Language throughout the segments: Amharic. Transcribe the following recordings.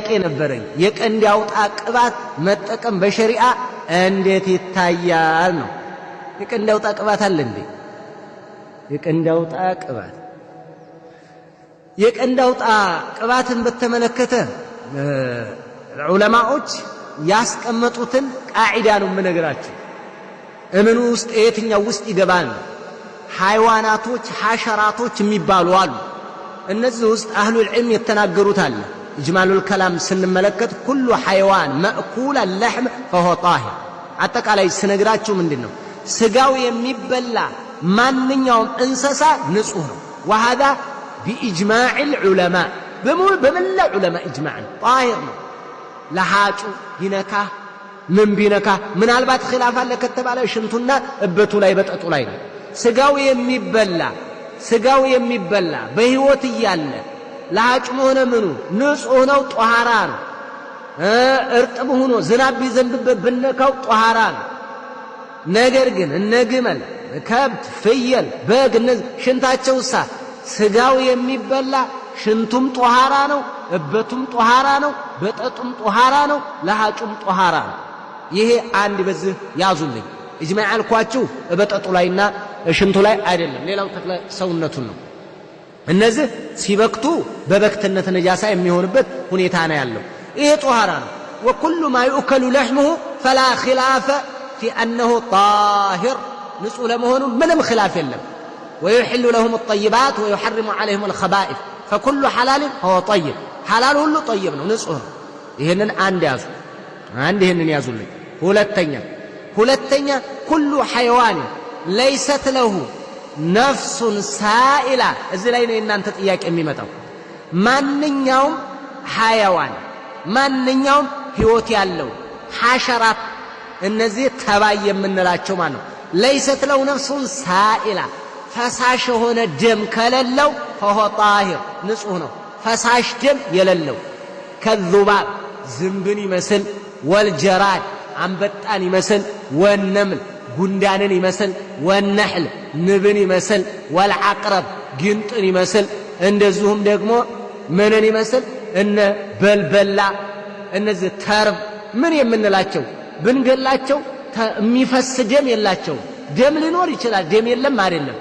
ጥያቄ ነበረኝ። የቀንድ አውጣ ቅባት መጠቀም በሸሪዓ እንዴት ይታያል ነው። የቀንድ አውጣ ቅባት አለ እንዴ? የቀንድ አውጣ ቅባት የቀንድ አውጣ ቅባትን በተመለከተ ዑለማዎች ያስቀመጡትን ቃዒዳ ነው የምነግራችሁ። እምኑ ውስጥ የትኛው ውስጥ ይገባል ነው። ሐይዋናቶች ሐሸራቶች የሚባሉ አሉ። እነዚህ ውስጥ አህሉል ዒልም የተናገሩት አለ። እጅማሉል ከላም ስንመለከት ኩሉ ሐይዋን መእኩል አለሕም ፈሆ ጣሂር። አጠቃላይ ስነግራችሁ ምንድን ነው ስጋው የሚበላ ማንኛውም እንስሳ ንጹህ ነው። ወሃዛ ቢኢጅማዕል ዑለማ በመላ ዑለማ ኢጅማዕ ነው፣ ጣሂር ነው። ለሃጩ ቢነካህ ምን ቢነካ ምናልባት ኺላፍ አለ ከተባለ ሽንቱና እበቱ ላይ በጠጡ ላይ ነው። ስጋው የሚበላ ስጋው የሚበላ በሕይወት እያለ ለአጭሙ ሆነ ምኑ ንጹህ ነው፣ ጧሃራ ነው። እርጥብ ሆኖ ዝናብ ቢዘንብበት ብነካው ጧሃራ ነው። ነገር ግን እነ ግመል፣ ከብት፣ ፍየል፣ በግ እነዚህ ሽንታቸው ሳ ስጋው የሚበላ ሽንቱም ጧሃራ ነው፣ እበቱም ጧሃራ ነው፣ በጠጡም ጧሃራ ነው፣ ለሃጩም ጧሃራ ነው። ይሄ አንድ በዚህ ያዙልኝ። እጅማ ያልኳችሁ በጠጡ ላይና ሽንቱ ላይ አይደለም፣ ሌላው ተክለ ሰውነቱን ነው። እነዚህ ሲበክቱ በበክትነት ነጃሳ የሚሆንበት ሁኔታ ነው ያለው። ይህ ጦሃራ ነው። ወኩሉ ማ ዩእከሉ ለሕሙሁ ፈላ ኪላፈ ፊ አነሁ ጣሂር ንጹሕ ለመሆኑ ምንም ኪላፍ የለም። ወዩሕሉ ለሁም ጠይባት ወዩሐርሙ ዓለይሁም አልኸባኢፍ ፈኩሉ ሓላልን ሆ ጠይብ ሓላል ሁሉ ጠይብ ነው፣ ንጹሕ ነው። ይህንን አንድ ያዙ፣ አንድ ይህንን ያዙልኝ። ሁለተኛ ሁለተኛ ኩሉ ሐይዋን ለይሰት ለሁ ነፍሱን ሳኢላ። እዚህ ላይ ነው የእናንተ ጥያቄ የሚመጣው። ማንኛውም ሐያዋን ማንኛውም ህይወት ያለው ሐሸራት፣ እነዚህ ተባይ የምንላቸው ማለት ነው። ለይሰት ለው ነፍሱን ሳኢላ፣ ፈሳሽ የሆነ ደም ከሌለው ፈሆ ጣሂር ንጹሕ ነው። ፈሳሽ ደም የሌለው ከዙባብ ዝንብን ይመስል ወልጀራድ አንበጣን ይመስል ወነምል ጉንዳንን ይመስል ወነሕል ንብን ይመስል ወልዓቅረብ ጊንጥን ይመስል እንደዚሁም ደግሞ ምንን ይመስል እነ በልበላ እነዚህ ተርብ ምን የምንላቸው ብንገላቸው የሚፈስ ደም የላቸውም። ደም ሊኖር ይችላል። ደም የለም አይደለም።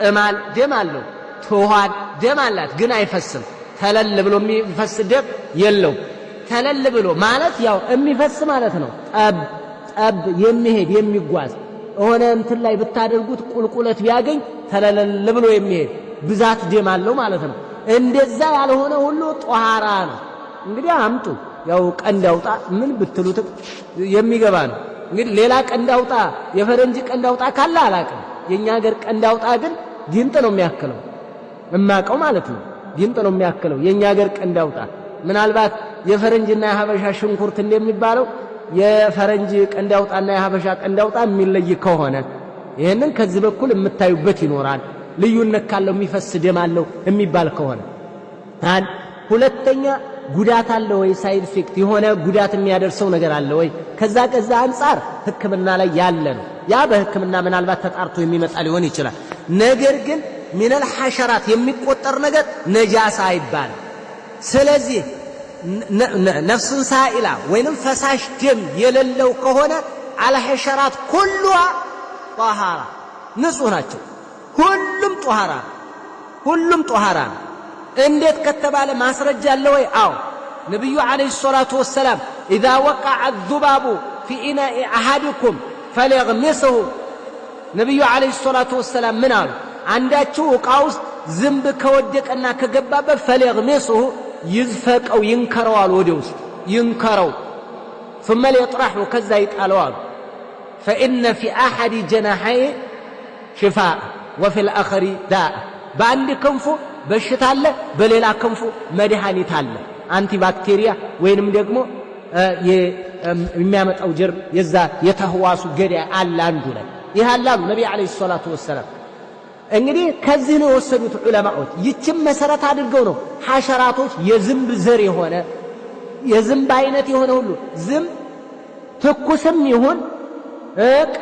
ቅማል ደም አለው። ትኋን ደም አላት፣ ግን አይፈስም። ተለል ብሎ የሚፈስ ደም የለው። ተለል ብሎ ማለት ያው የሚፈስ ማለት ነው። ጠብ ጠብ የሚሄድ የሚጓዝ የሆነ እንትን ላይ ብታደርጉት ቁልቁለት ቢያገኝ ተለለል ብሎ የሚሄድ ብዛት ደም አለው ማለት ነው። እንደዛ ያልሆነ ሁሉ ጧሃራ ነው። እንግዲህ አምጡ ያው ቀንድ አውጣ ምን ብትሉት የሚገባ ነው። እንግዲህ ሌላ ቀንድ አውጣ የፈረንጅ ቀንድ አውጣ ካለ አላቅም። የእኛ ሀገር ቀንድ አውጣ ግን ጊንጥ ነው የሚያክለው እማቀው ማለት ነው። ጊንጥ ነው የሚያክለው የእኛ ሀገር ቀንድ አውጣ ምናልባት የፈረንጅና የሀበሻ ሽንኩርት እንደሚባለው የፈረንጅ ቀንዳውጣና የሀበሻ ቀንዳውጣ የሚለይ ከሆነ ይህንን ከዚህ በኩል የምታዩበት ይኖራል። ልዩነት ካለው የሚፈስ ደም አለው የሚባል ከሆነ አንድ ሁለተኛ ጉዳት አለ ወይ? ሳይድ ኢፌክት የሆነ ጉዳት የሚያደርሰው ነገር አለ ወይ? ከዛ ከዛ አንጻር ሕክምና ላይ ያለ ነው። ያ በሕክምና ምናልባት ተጣርቶ የሚመጣ ሊሆን ይችላል። ነገር ግን ሚነል ሐሸራት የሚቆጠር ነገር ነጃሳ አይባልም። ስለዚህ ነፍሱን ሳኢላ ወይንም ፈሳሽ ደም የሌለው ከሆነ አልሐሸራት ኩሉዋ ጧሃራ ንጹህ ናቸው። ሁሉም ጧሃራ ሁሉም ጧሃራ። እንዴት ከተባለ ማስረጃ አለ ወይ? አዎ ነቢዩ ዓለይሂ ሰላቱ ወሰላም ኢዛ ወቀዐ ዙባቡ ፊ ኢናኢ አሃድኩም ፈሊየግሚስሁ ነቢዩ ዓለይሂ ሰላቱ ወሰላም ምን አሉ? አንዳችሁ ዕቃ ውስጥ ዝንብ ከወደቀና ከገባበት ፈሊየግሚስሁ يزفقو ينكروا على ودوس ينكروا ثم يطرحوا كذا يتقالوا فإن في أحد جناحي شفاء وفي الآخر داء بعند كنفو بشت على بليلا كنفو مدهاني تالة أنتي باكتيريا وين مدقمو آه، ي ميامت أو جرم يزا يتهواسو قريا على أنجولا يهالله النبي عليه الصلاة والسلام እንግዲህ ከዚህ ነው የወሰዱት ዑለማዎች። ይችም መሰረት አድርገው ነው ሐሸራቶች የዝንብ ዘር የሆነ የዝንብ አይነት የሆነ ሁሉ ዝንብ ትኩስም ይሁን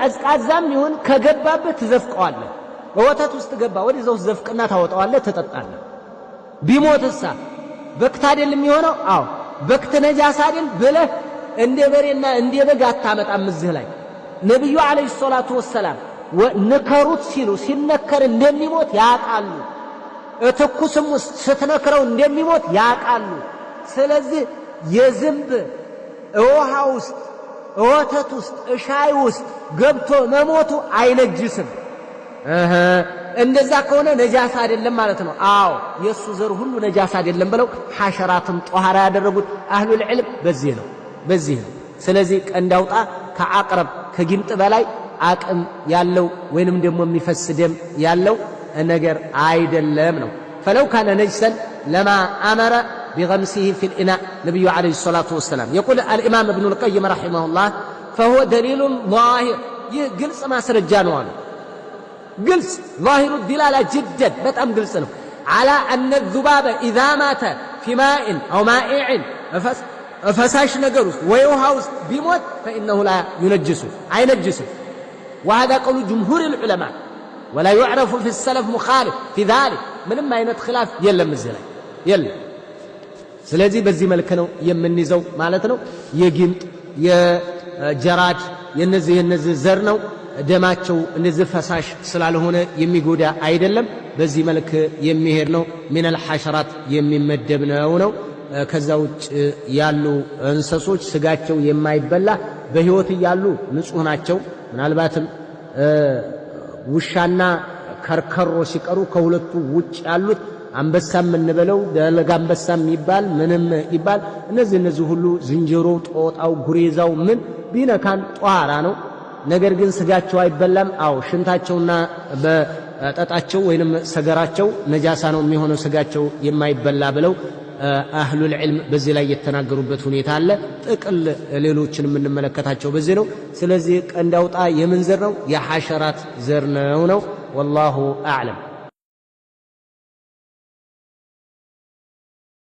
ቀዝቃዛም ይሁን ከገባበት ትዘፍቀዋለህ። በወተት ውስጥ ገባ ወደዚያ ውስጥ ዘፍቅና ታወጣዋለህ፣ ትጠጣለህ። ቢሞትሳ በክት አይደል የሚሆነው? አዎ በክት ነጃሳ አይደል ብለህ እንደ በሬና እንደ በግ አታመጣም። እዚህ ላይ ነቢዩ ዓለይሂ ሰላቱ ወሰላም ንከሩት ሲሉ ሲነከር እንደሚሞት ያውቃሉ። እትኩስም ውስጥ ስትነክረው እንደሚሞት ያውቃሉ። ስለዚህ የዝንብ ውሃ ውስጥ እወተት ውስጥ እሻይ ውስጥ ገብቶ መሞቱ አይነጅስም። እንደዛ ከሆነ ነጃሳ አይደለም ማለት ነው። አዎ የእሱ ዘር ሁሉ ነጃሳ አይደለም ብለው ሐሸራትን ጦሃራ ያደረጉት አህሉል ዕልም በዚህ ነው በዚህ ነው። ስለዚህ ቀንዳውጣ ከዓቅረብ ከጊምጥ በላይ አቅም ያለው ወይንም ደግሞ የሚፈስ ደም ያለው ነገር አይደለም ነው። ፈለው ካነ ነጅሰን ለማ አመረ ቢገምሲሂ ፊል ኢና ነቢዩ ዓለይሂ ሰላቱ ወሰላም የቁል አልኢማም እብኑል ቀይም ረሒመሁላህ ፈሁወ ደሊሉን ዛሂር ይህ ግልጽ ማስረጃ ነው አሉ። ግልጽ ዛሂሩ ዲላላ ጅደን በጣም ግልጽ ነው። አላ አነ ዙባበ ኢዛ ማተ ፊ ማኢን አው ማኢዕን ፈሳሽ ነገር ውስጥ ወይ ውሃ ውስጥ ቢሞት ፈኢነሁ ላ ዩነጅሱ አይነጅሱም። وهذا قول جمهور العلماء ولا يعرف في السلف مخالف في ذلك من ما ينت خلاف يلا مزيلا يلا سلازي بزي ملك نو يمن نزو مالتنو يجيم يا جراج ينزي ينزي زرنو دماتشو نزي فساش سلال هنا يمي قودا عيد اللم بزي ملك يمي هيرنو من الحشرات يمي مدبناونو كزاوت يالو انساسوش سقاتشو يمي بلا بهيوتي يالو نسوناتشو ምናልባትም ውሻና ከርከሮ ሲቀሩ ከሁለቱ ውጭ ያሉት አንበሳም እንበለው ደለጋ አንበሳ ይባል ምንም ይባል እነዚህ እነዚህ ሁሉ ዝንጀሮ፣ ጦጣው፣ ጉሬዛው ምን ቢነካን ጧራ ነው። ነገር ግን ስጋቸው አይበላም። አዎ ሽንታቸውና በጠጣቸው ወይንም ሰገራቸው ነጃሳ ነው የሚሆነው ስጋቸው የማይበላ ብለው አህሉል ዕልም በዚህ ላይ የተናገሩበት ሁኔታ አለ። ጥቅል ሌሎችን የምንመለከታቸው በዚህ ነው። ስለዚህ ቀንድ አውጣ የምን ዘር ነው? የሐሸራት ዘር ነው ነው። ወላሁ አዕለም